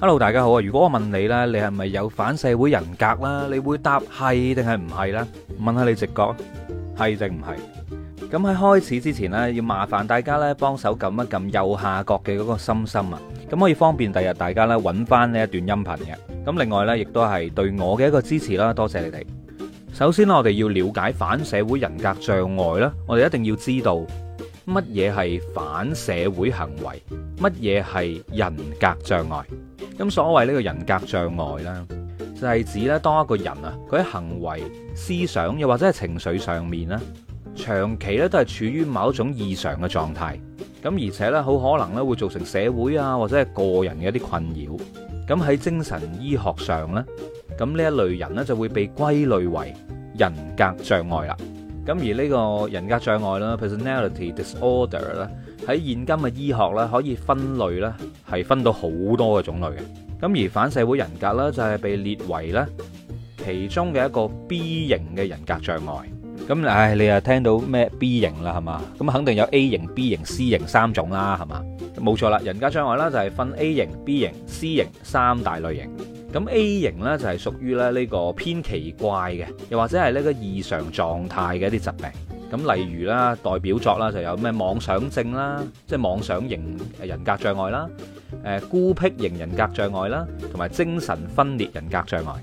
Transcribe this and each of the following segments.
Hello，大家好啊！如果我問你咧，你係咪有反社會人格啦？你會答係定係唔係咧？問下你直覺係定唔係？咁喺開始之前咧，要麻煩大家咧幫手撳一撳右下角嘅嗰個心心啊！咁可以方便第日大家咧搵翻呢一段音頻嘅。咁另外咧，亦都係對我嘅一個支持啦，多謝你哋。首先咧，我哋要了解反社會人格障礙啦，我哋一定要知道。乜嘢係反社會行為？乜嘢係人格障礙？咁所謂呢個人格障礙呢就係指咧當一個人啊，佢喺行為、思想又或者係情緒上面咧，長期咧都係處於某一種異常嘅狀態，咁而且咧好可能咧會造成社會啊或者係個人嘅一啲困擾，咁喺精神醫學上咧，咁呢一類人呢就會被歸類為人格障礙啦。咁而呢個人格障礙啦，Personality Disorder 咧，喺現今嘅醫學咧，可以分類咧，係分到好多嘅種類嘅。咁而反社會人格咧，就係被列為咧其中嘅一個 B 型嘅人格障礙。咁、哎、唉，你又聽到咩 B 型啦，係嘛？咁肯定有 A 型、B 型、C 型三種啦，係嘛？冇錯啦，人格障礙啦就係分 A 型、B 型、C 型三大類型。咁 A 型咧就係屬於咧呢個偏奇怪嘅，又或者係呢個異常狀態嘅一啲疾病。咁例如啦，代表作啦就有咩妄想症啦，即係妄想型人格障礙啦，誒孤僻型人格障礙啦，同埋精神分裂人格障礙。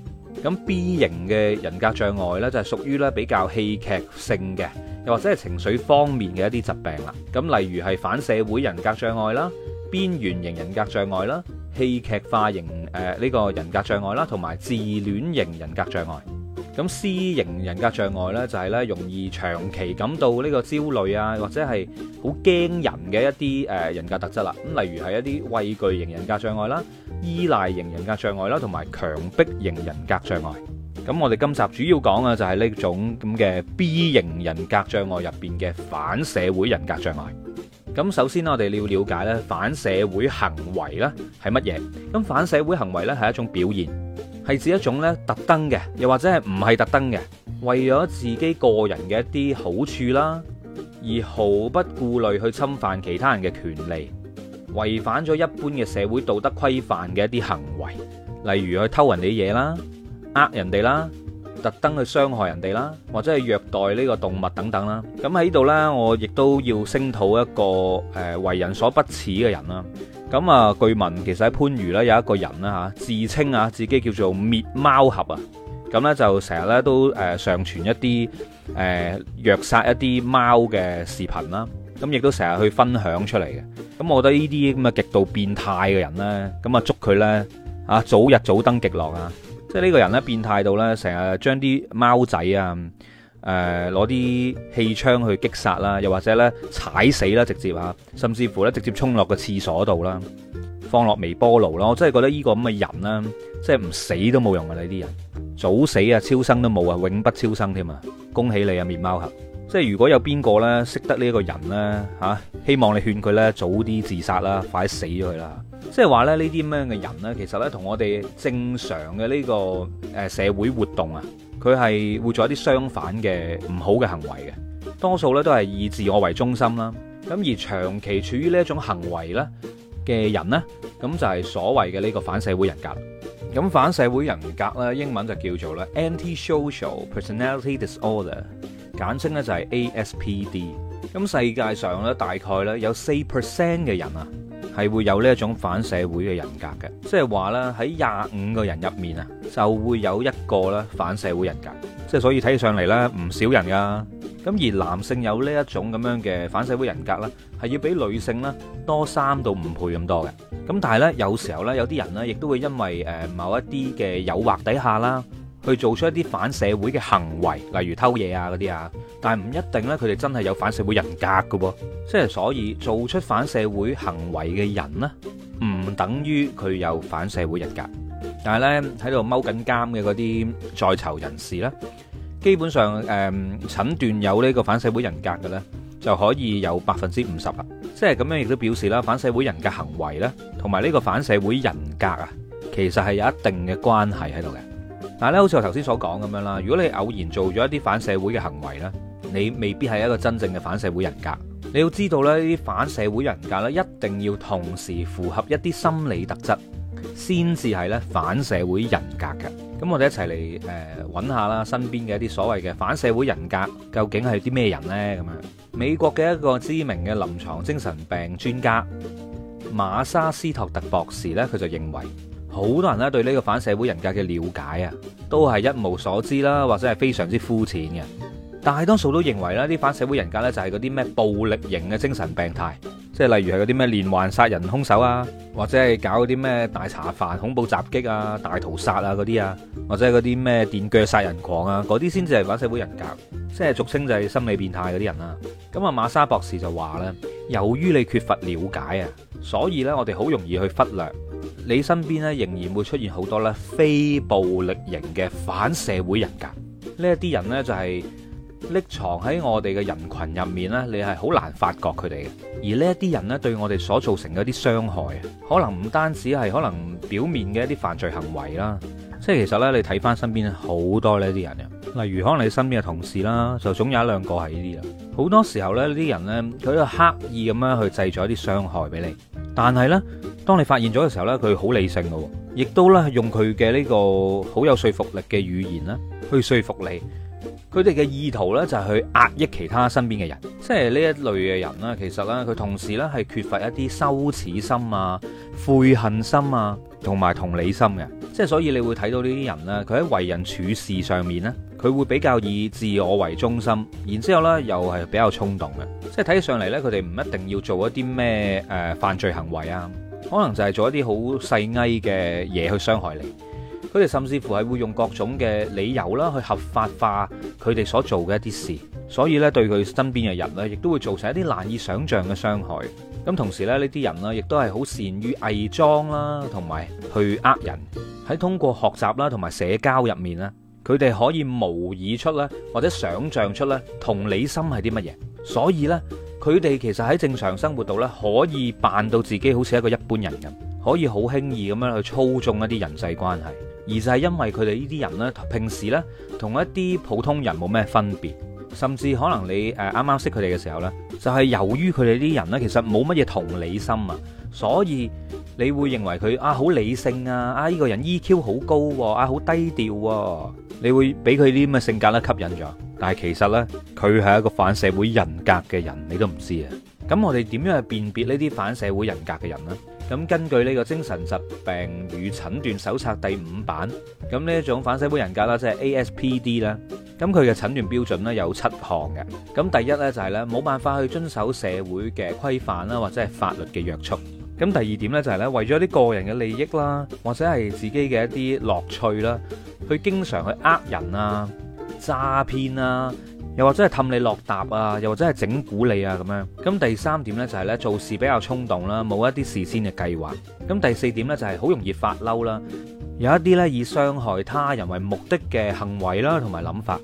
咁 B 型嘅人格障礙咧就係屬於咧比較戲劇性嘅，又或者係情緒方面嘅一啲疾病啦。咁例如係反社會人格障礙啦，邊緣型人格障礙啦。戲劇化型誒呢、呃這個人格障礙啦，同埋自戀型人格障礙。咁 C 型人格障礙呢，就係、是、咧容易長期感到呢個焦慮啊，或者係好驚人嘅一啲誒人格特質啦。咁例如係一啲畏懼型人格障礙啦、依賴型人格障礙啦，同埋強迫型人格障礙。咁我哋今集主要講嘅就係呢種咁嘅 B 型人格障礙入邊嘅反社會人格障礙。咁首先我哋要了解咧，反社會行為啦係乜嘢？咁反社會行為咧，係一種表現，係指一種咧特登嘅，又或者係唔係特登嘅，為咗自己個人嘅一啲好處啦，而毫不顧慮去侵犯其他人嘅權利，違反咗一般嘅社會道德規範嘅一啲行為，例如去偷人哋嘢啦，呃人哋啦。特登去傷害人哋啦，或者係虐待呢個動物等等啦。咁喺呢度呢，我亦都要聲討一個誒為人所不齒嘅人啦。咁啊，據聞其實喺番禺呢，有一個人啦嚇，自稱啊自己叫做滅貓俠啊。咁呢，就成日呢都上傳一啲、呃、虐殺一啲貓嘅視頻啦。咁亦都成日去分享出嚟嘅。咁我覺得呢啲咁嘅極度變態嘅人就呢，咁啊祝佢呢啊早日早登極樂啊！即係呢個人咧變態到咧，成日將啲貓仔啊，誒攞啲氣槍去擊殺啦，又或者咧踩死啦，直接嚇，甚至乎咧直接沖落個廁所度啦，放落微波爐咯，我真係覺得呢個咁嘅人啦，即係唔死都冇用㗎。你啲人早死啊，超生都冇啊，永不超生添啊！恭喜你啊，滅貓俠！即係如果有邊個咧識得呢一個人咧嚇，希望你勸佢咧早啲自殺啦，快死咗佢啦！即係話咧呢啲咩嘅人呢？其實呢，同我哋正常嘅呢個誒社會活動啊，佢係會做一啲相反嘅唔好嘅行為嘅，多數呢都係以自我為中心啦。咁而長期處於呢一種行為呢嘅人呢，咁就係所謂嘅呢個反社會人格。咁反社會人格呢，英文就叫做咧 Anti-social Personality Disorder，簡稱呢就係 ASPD。咁世界上呢，大概呢有四 percent 嘅人啊。係會有呢一種反社會嘅人格嘅，即係話咧喺廿五個人入面啊，就會有一個咧反社會人格，即係所以睇上嚟咧唔少人㗎。咁而男性有呢一種咁樣嘅反社會人格啦，係要比女性啦多三到五倍咁多嘅。咁但係呢，有時候呢，有啲人呢亦都會因為誒某一啲嘅誘惑底下啦。去做出一啲反社會嘅行為，例如偷嘢啊嗰啲啊，但係唔一定咧。佢哋真係有反社會人格㗎喎，即係所以做出反社會行為嘅人咧，唔等於佢有反社會人格。但係咧喺度踎緊監嘅嗰啲在囚人士咧，基本上誒診斷有呢個反社會人格嘅咧，就可以有百分之五十啦。即係咁樣亦都表示啦，反社會人嘅行為咧，同埋呢個反社會人格啊，其實係有一定嘅關係喺度嘅。但係咧，好似我頭先所講咁樣啦，如果你偶然做咗一啲反社會嘅行為呢，你未必係一個真正嘅反社會人格。你要知道呢啲反社會人格呢一定要同時符合一啲心理特質，先至係呢反社會人格嘅。咁我哋一齊嚟，誒，揾、呃、下啦，身邊嘅一啲所謂嘅反社會人格，究竟係啲咩人呢？咁樣，美國嘅一個知名嘅臨床精神病專家馬莎斯托特博士呢，佢就認為。好多人咧對呢個反社會人格嘅了解啊，都係一無所知啦，或者係非常之膚淺嘅。但係多數都認為呢啲反社會人格呢，就係嗰啲咩暴力型嘅精神病態，即係例如係嗰啲咩連環殺人兇手啊，或者係搞嗰啲咩大茶飯恐怖襲擊啊、大屠殺啊嗰啲啊，或者係嗰啲咩電鋸殺人狂啊，嗰啲先至係反社會人格，即係俗稱就係心理變態嗰啲人啊。咁啊，馬莎博士就話呢，由於你缺乏了解啊，所以呢，我哋好容易去忽略。你身邊咧仍然會出現好多咧非暴力型嘅反社會人格，呢一啲人呢，就係匿藏喺我哋嘅人群入面呢，你係好難發覺佢哋嘅。而呢一啲人呢，對我哋所造成嘅一啲傷害，可能唔單止係可能表面嘅一啲犯罪行為啦，即係其實呢，你睇返身邊好多呢啲人嘅，例如可能你身邊嘅同事啦，就總有一兩個係呢啲嘅。好多時候咧呢啲人呢，佢都刻意咁樣去製造一啲傷害俾你，但係呢，當你發現咗嘅時候呢，佢好理性嘅，亦都呢用佢嘅呢個好有說服力嘅語言呢去說服你。佢哋嘅意圖呢，就係去壓抑其他身邊嘅人，即係呢一類嘅人呢，其實呢，佢同時呢係缺乏一啲羞恥心啊、悔恨心啊，同埋同理心嘅。即係所以你會睇到呢啲人呢，佢喺為人處事上面呢，佢會比較以自我為中心，然之後呢又係比較衝動嘅。即係睇起上嚟呢，佢哋唔一定要做一啲咩誒犯罪行為啊。可能就係做一啲好細微嘅嘢去傷害你，佢哋甚至乎係會用各種嘅理由啦，去合法化佢哋所做嘅一啲事，所以咧，對佢身邊嘅人咧，亦都會造成一啲難以想象嘅傷害。咁同時咧呢啲人呢，亦都係好善於偽裝啦，同埋去呃人喺通過學習啦，同埋社交入面咧，佢哋可以模擬出咧，或者想象出咧，同理心係啲乜嘢，所以呢。佢哋其實喺正常生活度呢，可以扮到自己好似一個一般人咁，可以好輕易咁樣去操縱一啲人際關係。而就係因為佢哋呢啲人呢，平時呢，同一啲普通人冇咩分別，甚至可能你誒啱啱識佢哋嘅時候呢，就係由於佢哋啲人呢，其實冇乜嘢同理心啊，所以你會認為佢啊好理性啊，啊呢個人 EQ 好高，啊好低調，你會俾佢啲咁嘅性格咧吸引咗。但係其實呢，佢係一個反社會人格嘅人，你都唔知啊。咁我哋點樣去辨別呢啲反社會人格嘅人呢？咁根據呢個精神疾病與診斷手冊第五版，咁呢一種反社會人格啦，即係 ASPD 啦。咁佢嘅診斷標準呢，有七項嘅。咁第一呢，就係呢冇辦法去遵守社會嘅規範啦，或者係法律嘅約束。咁第二點呢，就係呢為咗啲個人嘅利益啦，或者係自己嘅一啲樂趣啦，去經常去呃人啊。詐騙啊，又或者係氹你落答啊落疊，又或者係整蠱你啊，咁樣。咁第三點呢，就係呢做事比較衝動啦，冇一啲事先嘅計劃。咁第四點呢，就係好容易發嬲啦，有一啲呢以傷害他人為目的嘅行為啦，同埋諗法。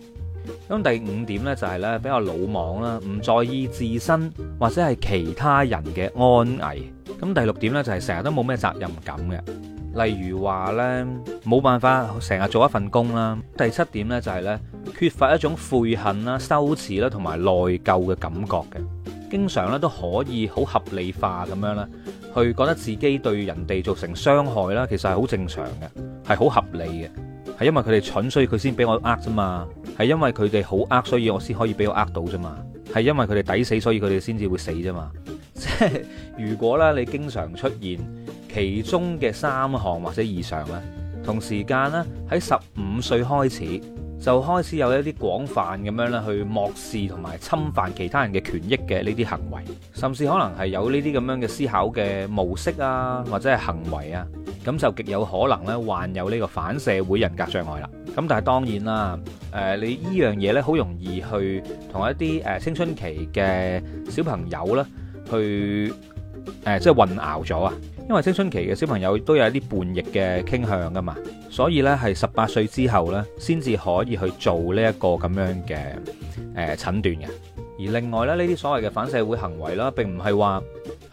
咁第五點呢，就係呢比較魯莽啦，唔在意自身或者係其他人嘅安危。咁第六點呢，就係成日都冇咩責任感嘅，例如話呢冇辦法成日做一份工啦。第七點呢，就係呢。缺乏一種悔恨啦、羞恥啦，同埋內疚嘅感覺嘅，經常咧都可以好合理化咁樣啦。去覺得自己對人哋造成傷害啦，其實係好正常嘅，係好合理嘅，係因為佢哋蠢，所以佢先俾我呃啫嘛，係因為佢哋好呃，所以我先可以俾我呃到啫嘛，係因為佢哋抵死，所以佢哋先至會死啫嘛。即係如果咧，你經常出現其中嘅三項或者以上咧，同時間呢，喺十五歲開始，就開始有一啲廣泛咁樣咧，去漠視同埋侵犯其他人嘅權益嘅呢啲行為，甚至可能係有呢啲咁樣嘅思考嘅模式啊，或者係行為啊，咁就極有可能咧患有呢個反社會人格障礙啦。咁但係當然啦，誒你呢樣嘢咧好容易去同一啲誒青春期嘅小朋友咧去誒即係混淆咗啊，因為青春期嘅小朋友都有一啲叛逆嘅傾向噶嘛。所以咧，係十八歲之後咧，先至可以去做呢一個咁樣嘅誒診斷嘅。而另外咧，呢啲所謂嘅反社會行為啦，並唔係話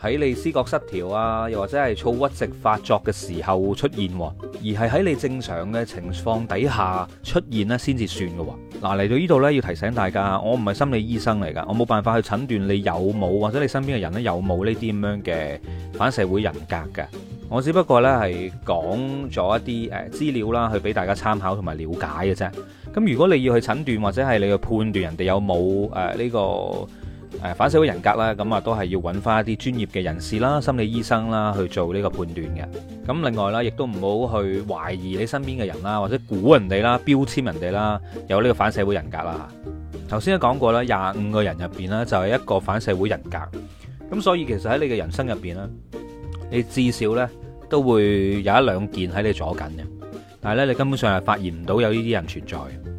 喺你思覺失調啊，又或者係躁鬱症發作嘅時候出現，而係喺你正常嘅情況底下出現咧，先至算嘅。嗱，嚟到呢度呢，要提醒大家，我唔係心理醫生嚟噶，我冇辦法去診斷你有冇或者你身邊嘅人呢，有冇呢啲咁樣嘅反社會人格噶。我只不過呢係講咗一啲誒資料啦，去俾大家參考同埋了解嘅啫。咁如果你要去診斷或者係你去判斷人哋有冇呢個反社會人格啦，咁啊都係要揾翻一啲專業嘅人士啦、心理醫生啦去做呢個判斷嘅。咁另外啦，亦都唔好去懷疑你身邊嘅人啦，或者估人哋啦、標籤人哋啦有呢個反社會人格啦。頭先都講過啦，廿五個人入面啦，就係一個反社會人格。咁所以其實喺你嘅人生入面啦。你至少呢都會有一兩件喺你左緊嘅，但係呢，你根本上係發現唔到有呢啲人存在。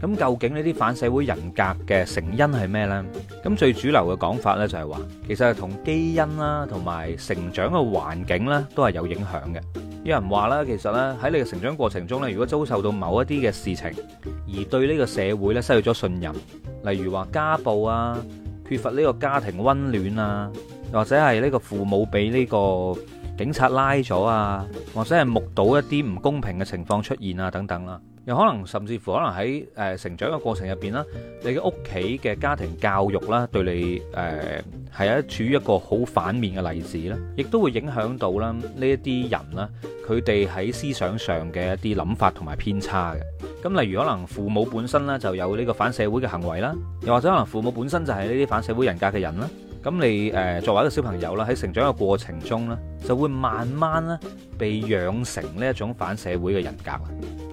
咁究竟呢啲反社會人格嘅成因係咩呢？咁最主流嘅講法呢，就係話，其實係同基因啦，同埋成長嘅環境呢都係有影響嘅。有人話啦，其實呢，喺你嘅成長過程中呢，如果遭受到某一啲嘅事情，而對呢個社會呢，失去咗信任，例如話家暴啊，缺乏呢個家庭溫暖啊，或者係呢個父母俾呢個。警察拉咗啊，或者係目睹一啲唔公平嘅情況出現啊，等等啦，又可能甚至乎可能喺呃成長嘅過程入邊啦，你嘅屋企嘅家庭教育啦，對你係一、呃、處於一個好反面嘅例子啦，亦都會影響到啦呢一啲人啦，佢哋喺思想上嘅一啲諗法同埋偏差嘅。咁例如可能父母本身啦就有呢個反社會嘅行為啦，又或者可能父母本身就係呢啲反社會人格嘅人啦。咁你誒作為一個小朋友啦，喺成長嘅過程中，就會慢慢呢被養成呢一種反社會嘅人格啦。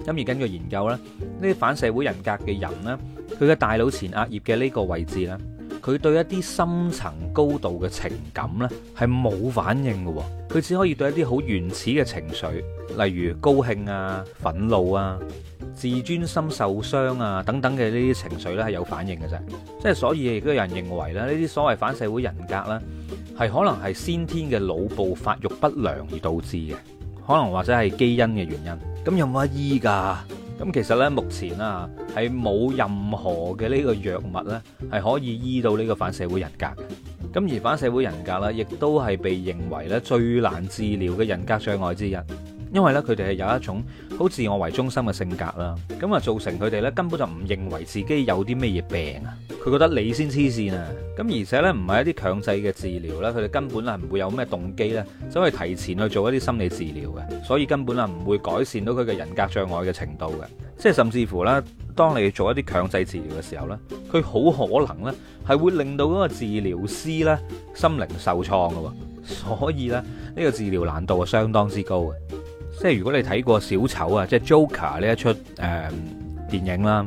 咁而根據研究，呢啲反社會人格嘅人呢，佢嘅大腦前額葉嘅呢個位置呢，佢對一啲深層高度嘅情感呢，係冇反應嘅，佢只可以對一啲好原始嘅情緒，例如高興啊、憤怒啊。自尊心受傷啊，等等嘅呢啲情緒呢係有反應嘅啫，即係所以亦都有人認為咧，呢啲所謂反社會人格呢，係可能係先天嘅腦部發育不良而導致嘅，可能或者係基因嘅原因那有有的。咁有冇得醫㗎？咁其實呢，目前啊係冇任何嘅呢個藥物呢係可以醫到呢個反社會人格嘅。咁而反社會人格呢，亦都係被認為呢最難治療嘅人格障礙之一。因為咧，佢哋係有一種好自我為中心嘅性格啦，咁啊造成佢哋呢根本就唔認為自己有啲咩嘢病啊。佢覺得你先黐線啊！咁而且呢，唔係一啲強制嘅治療呢，佢哋根本係唔會有咩動機呢，走去提前去做一啲心理治療嘅，所以根本啊唔會改善到佢嘅人格障礙嘅程度嘅。即係甚至乎呢，當你做一啲強制治療嘅時候呢，佢好可能呢係會令到嗰個治療師呢心靈受創㗎喎。所以呢，呢個治療難度係相當之高嘅。即係如果你睇過《小丑》啊，即係 Joker 呢一出誒、嗯、電影啦，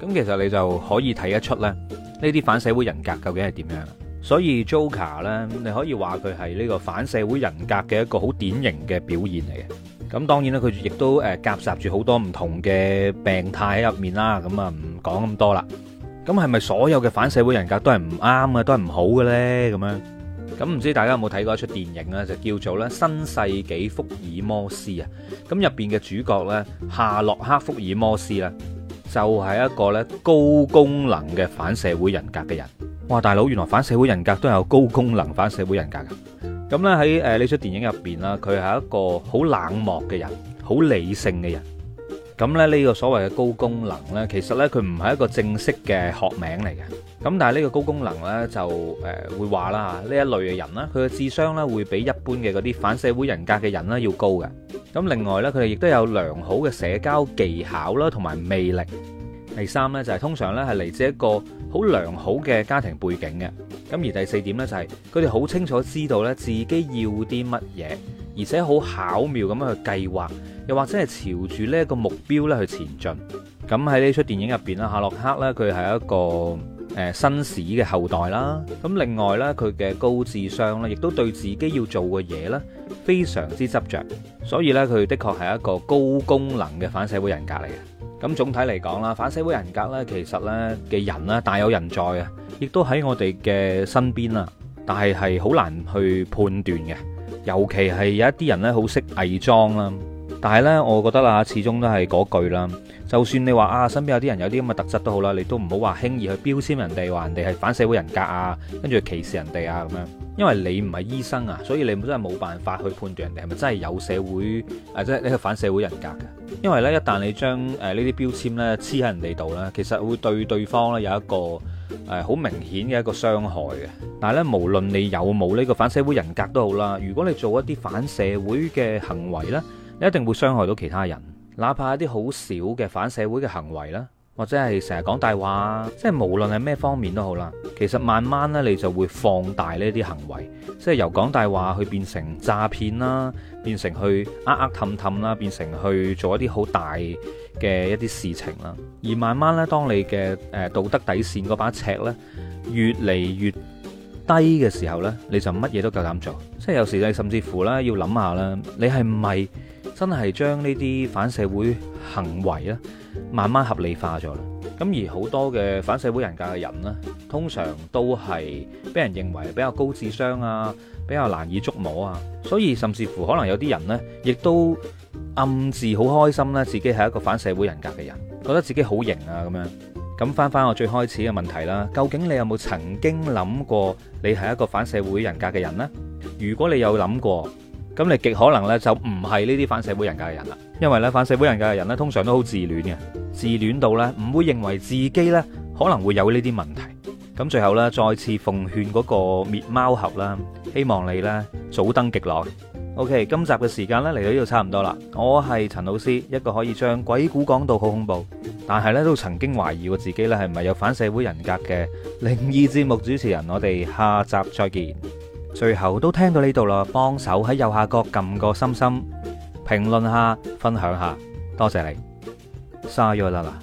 咁其實你就可以睇得出咧，呢啲反社會人格究竟係點樣？所以 Joker 咧，你可以話佢係呢個反社會人格嘅一個好典型嘅表現嚟嘅。咁當然咧，佢亦都誒夾雜住好多唔同嘅病態喺入面啦。咁啊，唔講咁多啦。咁係咪所有嘅反社會人格都係唔啱啊？都係唔好嘅咧？咁樣？咁唔知大家有冇睇過一出電影咧，就叫做咧《新世紀福爾摩斯》啊！咁入邊嘅主角咧，夏洛克福爾摩斯咧，就係一個咧高功能嘅反社會人格嘅人。哇！大佬，原來反社會人格都有高功能反社會人格噶。咁咧喺誒呢出電影入邊啦，佢係一個好冷漠嘅人，好理性嘅人。咁咧呢個所謂嘅高功能咧，其實咧佢唔係一個正式嘅學名嚟嘅。咁但係呢個高功能咧就誒會話啦吓，呢一類嘅人啦，佢嘅智商咧會比一般嘅嗰啲反社會人格嘅人咧要高嘅。咁另外咧，佢哋亦都有良好嘅社交技巧啦，同埋魅力。第三咧就係通常咧係嚟自一個好良好嘅家庭背景嘅。咁而第四點咧就係佢哋好清楚知道咧自己要啲乜嘢。而且好巧妙咁樣去計劃，又或者係朝住呢一個目標咧去前進。咁喺呢出電影入邊啦，夏洛克咧佢係一個誒紳士嘅後代啦。咁另外咧佢嘅高智商咧，亦都對自己要做嘅嘢咧，非常之執着。所以咧佢的確係一個高功能嘅反社會人格嚟嘅。咁總體嚟講啦，反社會人格咧其實咧嘅人咧大有人在啊，亦都喺我哋嘅身邊啊，但係係好難去判斷嘅。尤其係有一啲人呢，好識偽裝啦。但係呢，我覺得啊，始終都係嗰句啦。就算你話啊，身邊有啲人有啲咁嘅特質都好啦，你都唔好話輕易去標籤人哋，話人哋係反社會人格啊，跟住歧視人哋啊咁樣。因為你唔係醫生啊，所以你真係冇辦法去判斷人哋係咪真係有社會誒，即係呢個反社會人格嘅。因為呢，一旦你將誒呢啲標籤呢黐喺人哋度呢，其實會對對方呢有一個誒，好明顯嘅一個傷害嘅。但係咧，無論你有冇呢個反社會人格都好啦，如果你做一啲反社會嘅行為呢，你一定會傷害到其他人，哪怕一啲好少嘅反社會嘅行為呢或者係成日講大話，即係無論係咩方面都好啦。其實慢慢呢，你就會放大呢啲行為，即係由講大話去變成詐騙啦，變成去呃呃氹氹啦，變成去做一啲好大嘅一啲事情啦。而慢慢呢，當你嘅誒道德底線嗰把尺呢越嚟越低嘅時候呢，你就乜嘢都夠膽做。即係有時你甚至乎呢，要諗下啦，你係唔係？真係將呢啲反社會行為咧，慢慢合理化咗啦。咁而好多嘅反社會人格嘅人呢，通常都係俾人認為比較高智商啊，比較難以捉摸啊。所以甚至乎可能有啲人呢，亦都暗自好開心啦，自己係一個反社會人格嘅人，覺得自己好型啊咁樣。咁翻翻我最開始嘅問題啦，究竟你有冇曾經諗過你係一個反社會人格嘅人呢？如果你有諗過，咁你極可能咧就唔係呢啲反社會人格嘅人啦，因為咧反社會人格嘅人咧通常都好自戀嘅，自戀到咧唔會認為自己咧可能會有呢啲問題。咁最後咧再次奉勸嗰個滅貓俠啦，希望你咧早登極樂。OK，今集嘅時間咧嚟到呢度差唔多啦。我係陳老師，一個可以將鬼故講到好恐怖，但係咧都曾經懷疑過自己咧係唔係有反社會人格嘅靈異節目主持人。我哋下集再見。最後都聽到呢度啦，幫手喺右下角撳個心心，評論下，分享下，多謝你，晒咗啦啦。